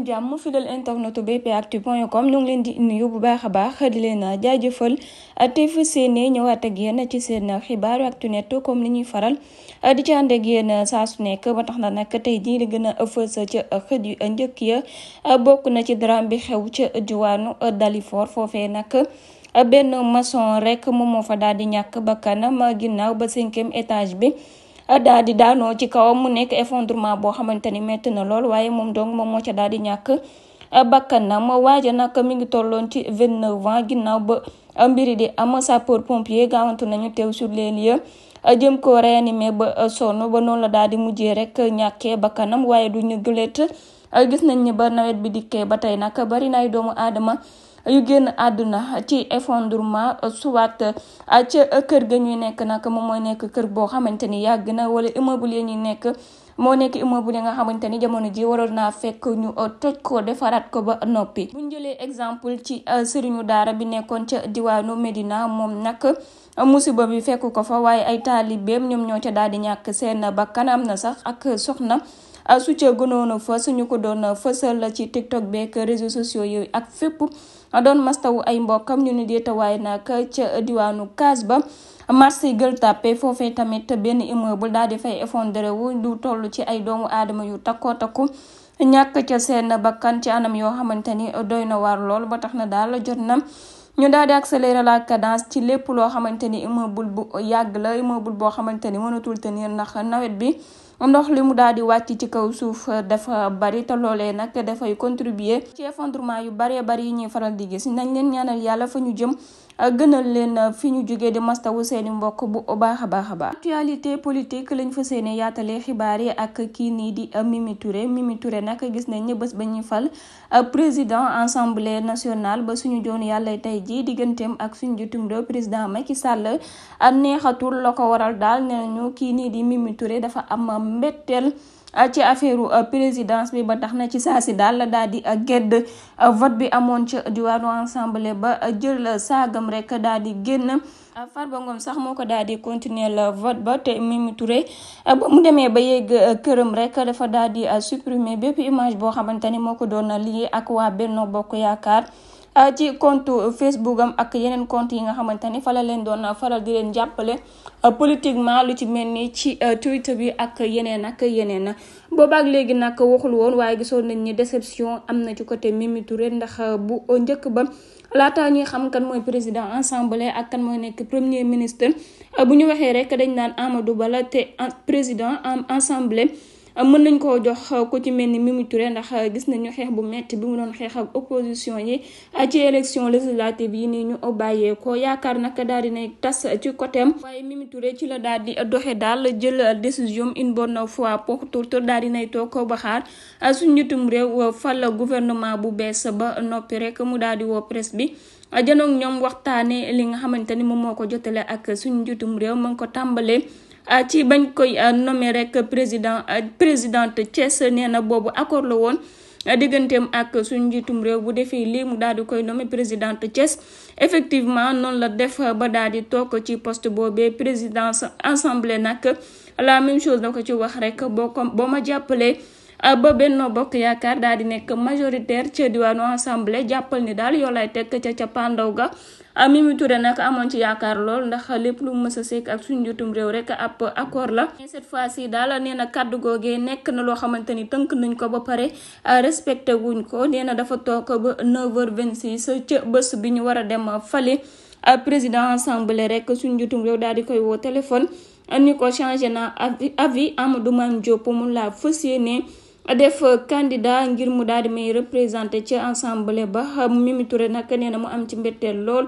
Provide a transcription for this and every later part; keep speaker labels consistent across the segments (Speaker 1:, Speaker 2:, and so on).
Speaker 1: leen jàmm fidèle internetu bpactu.com ñu ngi leen di nuyu bu baax a baax di leen a jaajëfal te fu seene ñëwaat ak yéen ci seen xibaaru Actu Net comme ni ñuy faral di ci ànd ak saa su nekk ba tax na nag tey jii di gën a fës ca xët yu njëkk ya bokk na ci drame bi xew ca diwaanu Dalifort foofee nag. benn maçon rek moom fa daal di ñàkk bakkanam ginnaaw ba cinquième étage bi. daal di daanoo ci kawam mu nekk effondrement boo xamante ni métti na lool waaye moom donc moom moo ca daal di ñàkk euh, bakkanam waaja nag mi ngi tolloon ci vingt-neuf ans ginnaaw ba euh, mbiri di am sapeur pompier gaawantu nañu teew sur les a euh, jëm ko réanimé ba sonn ba noonu la daal di mujjee rek ñàkkee bakkanam waaye du ñu gulet gis nañ ne ba nawet bi dikkee ba tey nag bari na doomu aadama yu génn àdduna ci effondrement soit ca kër ga ñuy nekk nag moom mooy nekk kër boo xamante ni yàgg na wala immeuble ya ñu nekk moo nekk immeuble yi nga xamante ni jamono ji waroon naa fekk ñu uh, toj ko defaraat ko ba noppi bu jëlee exemple ci uh, sëriñu daara bi nekkoon ca diwaanu Medina moom nag musiba bi fekk ko fa waaye ay taalibeem ñoom ñoo ca daal di ñàkk seen ba kanam na sax ak soxna uh, su ca gënoon a fës ñu ko doon fësal ci TikTok beeg réseaux sociaux yooyu ak fépp doon mastawu ay mbokkam ñu ni déetawaay nag ca diwaanu kaas ba marché gël Tapée foofe tamit benn immeuble daal di fay effondré wu du toll ci ay doomu aadama yu takko takku ñàkk ca seen bakkan ci anam yoo xamante ni doy na waar lool ba tax na daal jot na ñu daal di accélérer la cadence ci lépp loo xamante ni immeuble bu yàgg la immeuble boo xamante ni mënatul tenir ndax nawet bi ndox li mu daal di wàcc ci kaw suuf eh, dafa bari te loolee nag dafay contribuer ci effondrement yu baree bari yi ñuy faral di gis nañ leen ñaanal yàlla fa ñu jëm ak gënal leen uh, fi ñu jógee di mastawu seeni mbokk bu baax a baax baax actualité politique lañ fa seeni yaatalee xibaar yi ak kii nii di uh, Mimi Touré Mimi Touré nag gis nañ ne bés ba ñuy fal uh, président assemblée nationale ba suñu joon yàlla tey jii digganteem ak suñu jotum do président Macky Sall neexatul la ko waral daal ne nañu kii nii di Mimi Touré dafa am mbetteel Euh, ci affaire euh, présidence bi ba tax na ci saa si daal la daal di euh, gedd vote bi amoon ca diwaanu ensemble ba jël saagam rek daal di génn Farba Ngom sax moo ko daal di continuer la vote ba te Mimi Touré ba mu demee ba yegg këram rek dafa daal di supprimer bépp image boo xamante ni moo ko doon liggéey ak waa Benno Bokk Yaakaar. Euh, ci compte euh, Facebook am ak yeneen compte yi nga xamante ni fa la leen doon faral di leen jàppale euh, politiquement lu ci mel ni ci Twitter bi ak yeneen ak yeneen boobaak léegi nag waxul woon waaye gisoon nañ ni déception am na ci côté Mimi Touré ndax bu njëkk ba laata ñuy xam kan mooy président assemblée ak kan mooy nekk premier ministre bu ñu waxee rek dañ naan Amadou bala te te président am assemblée. Euh, mën nañ koo jox euh, ko ci mel ni Mimi Touré ndax euh, gis nañu xeex bu metti bi mu doon xeex ak opposition yi ci élection législative yi nii ñu bàyyee yaakaar nag daal di nay tas ci côté am waaye Mimi Touré ci la daal di doxe daal jël décision une bonne fois pour tout daal di nay toog ba xaar suñu njiitum réew fal gouvernement bu bees ba noppi rek mu daal di woo presse bi. janoog ñoom waxtaanee li nga xamante ni moom moo ko jotale ak suñu njiitum réew mu ngi ko tàmbalee. Euh, ci bañ koy euh, nommé rek président euh, présidente Thiès nee na boobu accord la woon digganteem ak suñu njiitum réew bu defee lii mu daal di koy nommé présidente Thiès effectivement noonu la def ba daal di toog ci poste boobee présidence assemblée nag la même chose da ko ci wax rek boo ko boo ma jàppalee ba Benno Bokk Yaakaar daal di nekk majoritaire ca diwaanu assemblée jàppal ni daal yoo lay teg ca ca pandaw ga Mimi Touré nag amoon ci yaakaar lool ndax lépp lu mës a seek ak suñ njutum réew rek ab accord la mais cette fois ci daal nee na kàddu googee nekk na loo xamante ni tënk nañ ko ba pare respecté wuñ ko nee na dafa toog ba 9h26 ca bés bi ñu war a dem fale président assemblée rek suñu njutum réew daal di koy woo téléphone ni ko changé na avis Amadou Mame Diop mu laa la fas yéene def candidat ngir mu daal di may représenté ci assemblée ba Mimi Touré nag nee na mu am ci mbetteel lool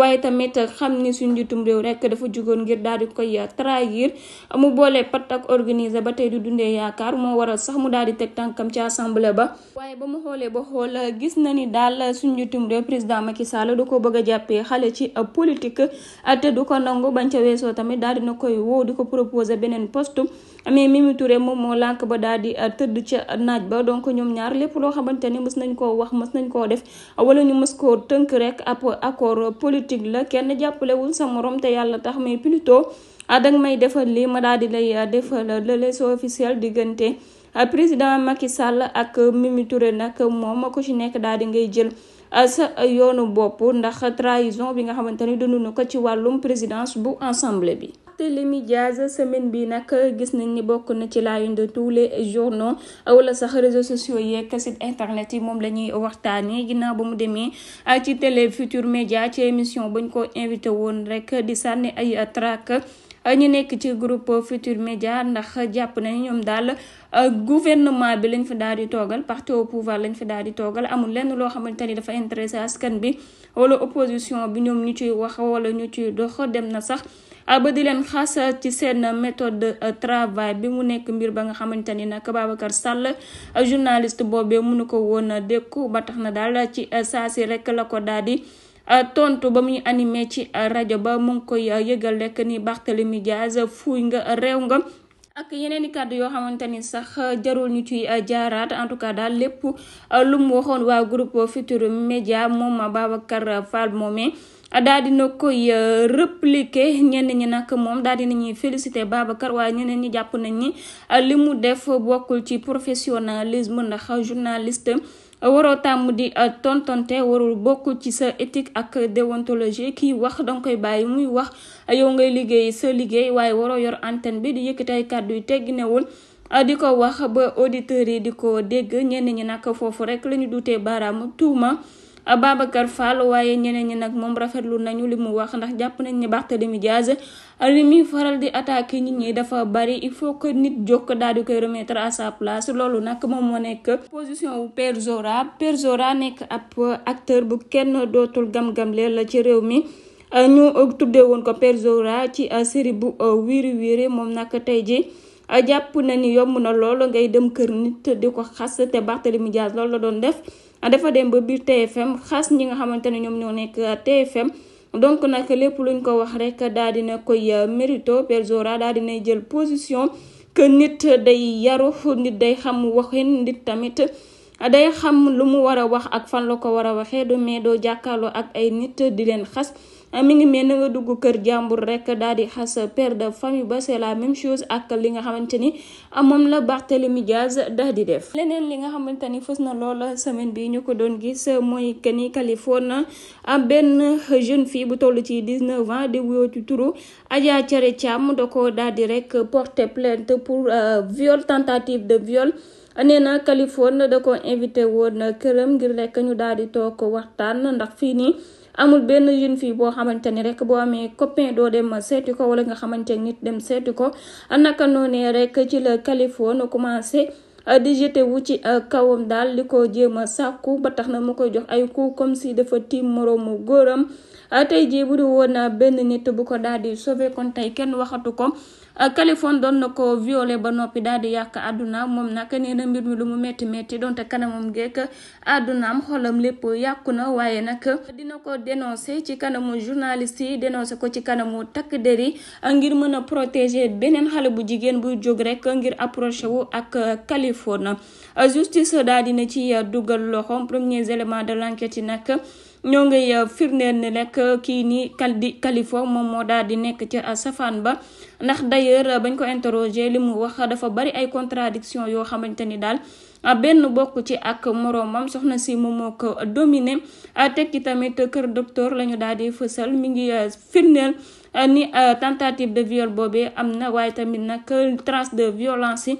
Speaker 1: waaye tamit xam ni suñ njiitum réew rek dafa jugoon ngir daal di koy trahir mu boole pat ak organiser ba tey du dundee yaakaar moo waral sax mu daal di teg tànkam ca assemblée ba waaye ba mu xoolee ba xool gis na ni daal suñ njiitum réew président Macky Sall du ko bëgg a jàppee xale ci politique te du ko nangu bañ ca weesoo tamit daal na koy woo di ko proposer beneen poste mais Mimi Touré moom moo lànk ba daal di tëdd ca naaj ba donc ñoom ñaar lépp loo xamante ni mës nañ koo wax mës nañ koo def wala politique la kenn jàppalewul sa moroom te yàlla tax mais plutôt danga may defal lii ma daal di lay euh, defal lële euh, soo officiel diggante euh, président Macky Sall ak Mimi Touré nag moom ko ci nekk daal di ngay jël sa yoonu bopp ndax traison bi nga xamante ni dund na ko ci wàllum présidence bu assemblée bi. Barthélémy Diaz semaine bi nag gis nañ ni bokk na ci la une de tous les journaux wala sax réseaux sociaux yeeg site internet yi moom la waxtaan waxtaanee ginnaaw ba mu demee ah, ci télé Futur Média ci émission bañ koo invité woon rek di sànni ay track ah, ñu nekk ci groupe Futur Média ndax jàpp na ni ñoom daal ah, gouvernement bi lañ fi daal di toogal parti au pouvoir lañ fi daal di toogal amul lenn loo xamante ni dafa intéressé askan bi wala opposition bi ñoom ñu ciy wala ñu dem na sax. Ah, ba di leen xas ci seen méthode de euh, travail bi mu nekk mbir ba nga xamante ni nag Babacar Sall euh, journaliste boobee mënu ko woon a dékku ba tax na daal ci euh, saa si rek la ko daal di. tontu ba muy animé ci rajo ba mu ngi koy yëgal rek ni Barthélemy Diaz fuuy nga réew nga ak yeneen i kàddu yoo xamante ni sax jarul ñu ciy jaaraat en tout cas daal lépp lu mu waxoon waa groupe Futurs média moom Babacar Fall moomee daal dina koy euh, répliquer ñenn ñi nag moom daal nañuy ñuy féliciter Babacar waaye ñeneen ñi jàpp nañ ni euh, li mu def bokkul ci professionnalisme ndax journaliste euh, waroo tàmm di a tontonte warul bokkul ci sa éthique ak déontologie kiy wax danga koy bàyyi muy wax yow ngay liggéey sa liggéey waaye waroo yor antenne bi di yëkkati ay kàddu yu tegginewul di ko wax ba auditeurs yi di ko dégg ñenn ñi nag foofu rek la ñu duutee baaraamu tuuma Ababacar Fall waaye ñeneen ñi nag moom rafetlu nañu li mu wax ndax jàpp nañ ni Barthélemy Diaz li muy faral di attaquer nit ñi dafa bari il faut que nit jokk daal di koy sa place loolu nag moom moo nekk position wu Père Zora Père nekk ab acteur bu kenn dootul gam-gamle la ci réew mi ñu tuddee woon ko Père ci série bu wiiri wiiri moom nag tey ji jàpp na ni yomb na loolu ngay dem kër nit di ko xas te Barthélemy Diaz loolu la doon def dafa dem ba biir TFM xas ñi nga xamante ne ñoom ñoo nekk TFM donc nag lépp luñ ko wax rek daa dina koy euh, mérito Père Zora daa dinay jël position que nit day yaru nit day xam waxin nit tamit day xam lu mu war a wax ak fan la ko war a waxee du mais doo jàkkaarloo ak ay nit di leen xas mi ngi mel na nga dugg kër jàmbur rek daal di xas père de famille ba c'est la même chose ak li nga xamante ni moom la Barthélemy Diaz daal di def. leneen li nga xamante ni fës na loola semaine bi ñu ko doon gis mooy que ni Californie am benn jeune fii bu toll ci 19 ans di wuyoo ci turu Adja Thiaré Thiam da ko daal di rek porter plainte pour euh, viol tentative de viol. nee na Californie da ko invité woon këram ngir rek ñu daal di toog waxtaan ndax fii nii amul benn jeune fille boo xamante ni rek boo amee copain doo dem seeti ko wala nga xamante nit dem seeti ko naka noonee rekk ci la Californie commencé. Ah, di jeté wu ci ah, kawam daal di ko jéem a sàkku ba tax na mu koy jox ay coups comme si dafa tiim moroomu góoram ah, tey jii bu di benn nit bu ko daal di sauvé kon tey kenn waxatu ko Euh, Kaliphone doon na ko violé ba noppi daal di yàq àdduna moom nag nee na mbir mi lu mu métti métti donte kanamam geek àddunaam xolam lépp yàqu na waaye nag dina ko dénoncé ci kanamu journaliste yi dénoncé ko ci kanamu takk der yi ngir mën a protéger beneen xale bu jigéen buy jóg rek ngir approché wu ak Kaliphone euh, justice daal dina ci dugal loxoom premiers éléments de l'enquête yi nag. ñoo ngay euh, firndeel ne rek euh, kii nii kal di moom moo daal di nekk ca euh, safaan ba ndax d'ailleurs bañ ko interroger li mu wax dafa bari ay contradiction yoo xamante ni daal benn bokk ci ak moroomam soxna si moom moo ko dominé tekki tamit kër docteur la ñu daal di fësal mi ngi firndeel ni tentative de viole boobee am na waaye tamit nag trace de violence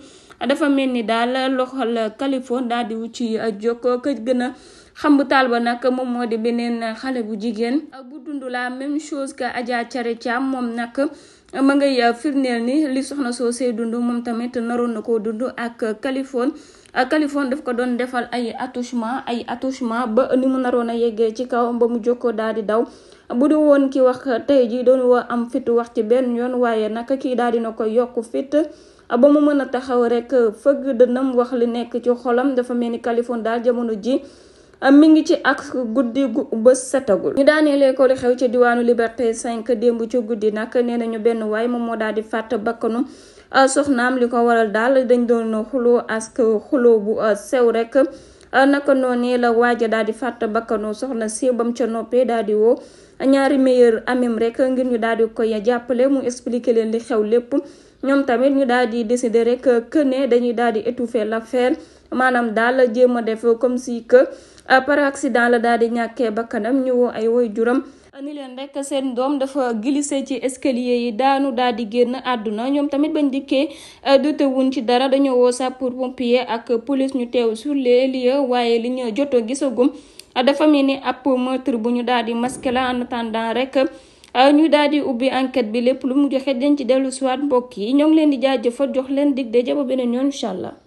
Speaker 1: dafa mel ni daal loxol Kaliphone daal di wu ci jokk kë gën xam xambu taal ba nag moom moo di beneen xale bu jigéen bu dund la même chose que Adja Thiaré Thiam moom nag ma ngay firndeel ni li soxna soo see dund moom tamit naroon na koo dund ak Californie Californie daf ko doon defal ay attouchement ay attouchement ba ni mu naroon a yeggee ci kaw ba mu ko daal di daw bu du woon ki wax tey ji doon woo am fit wax ci benn yoon waaye nag kii daal dina ko yokk fit ba mu mën a taxaw rek fëgg dënam wax li nekk ci xolam dafa mel ni Californie daal jamono ji mi ngi ci ak guddi gu bës setagul ñu daaneelee ko xew ca diwaanu Liberté 5 démb ci guddi nag nee na ñu benn waay moom moo daal di fàtt bakkanu soxnaam li ko waral daal dañ doon xuloo ask xuloo bu sew rek naka noonu la waaja daal di fàtt soxna si bam ca noppee daal di woo ñaari meilleur amim rek ngir ñu daal di koy jàppale mu expliquer leen li xew lépp ñoom tamit ñu daal di décider rek que ne dañuy daal di la l'affaire maanaam daal jéem a def comme si que. par accident la daal di ñàkkee bakkanam ñu woo ay woy juram ni leen rek seen doom dafa glissé ci escalier yi daanu daal di génn àdduna ñoom tamit bañ dikkee euh, dute wuñ ci dara dañoo woo sapeur pompier ak police ñu teew sur les waaye li ñu joto gisagum dafa mel ni ab bu ñu daal di masqué la en attendant rek euh, ñu daal di ubbi enquête bi lépp lu mu joxe dañ ci dellu siwaat mbokk yi ñoo ngi leen di jaajëfal jox leen dig daje ba beneen yoon incha allah.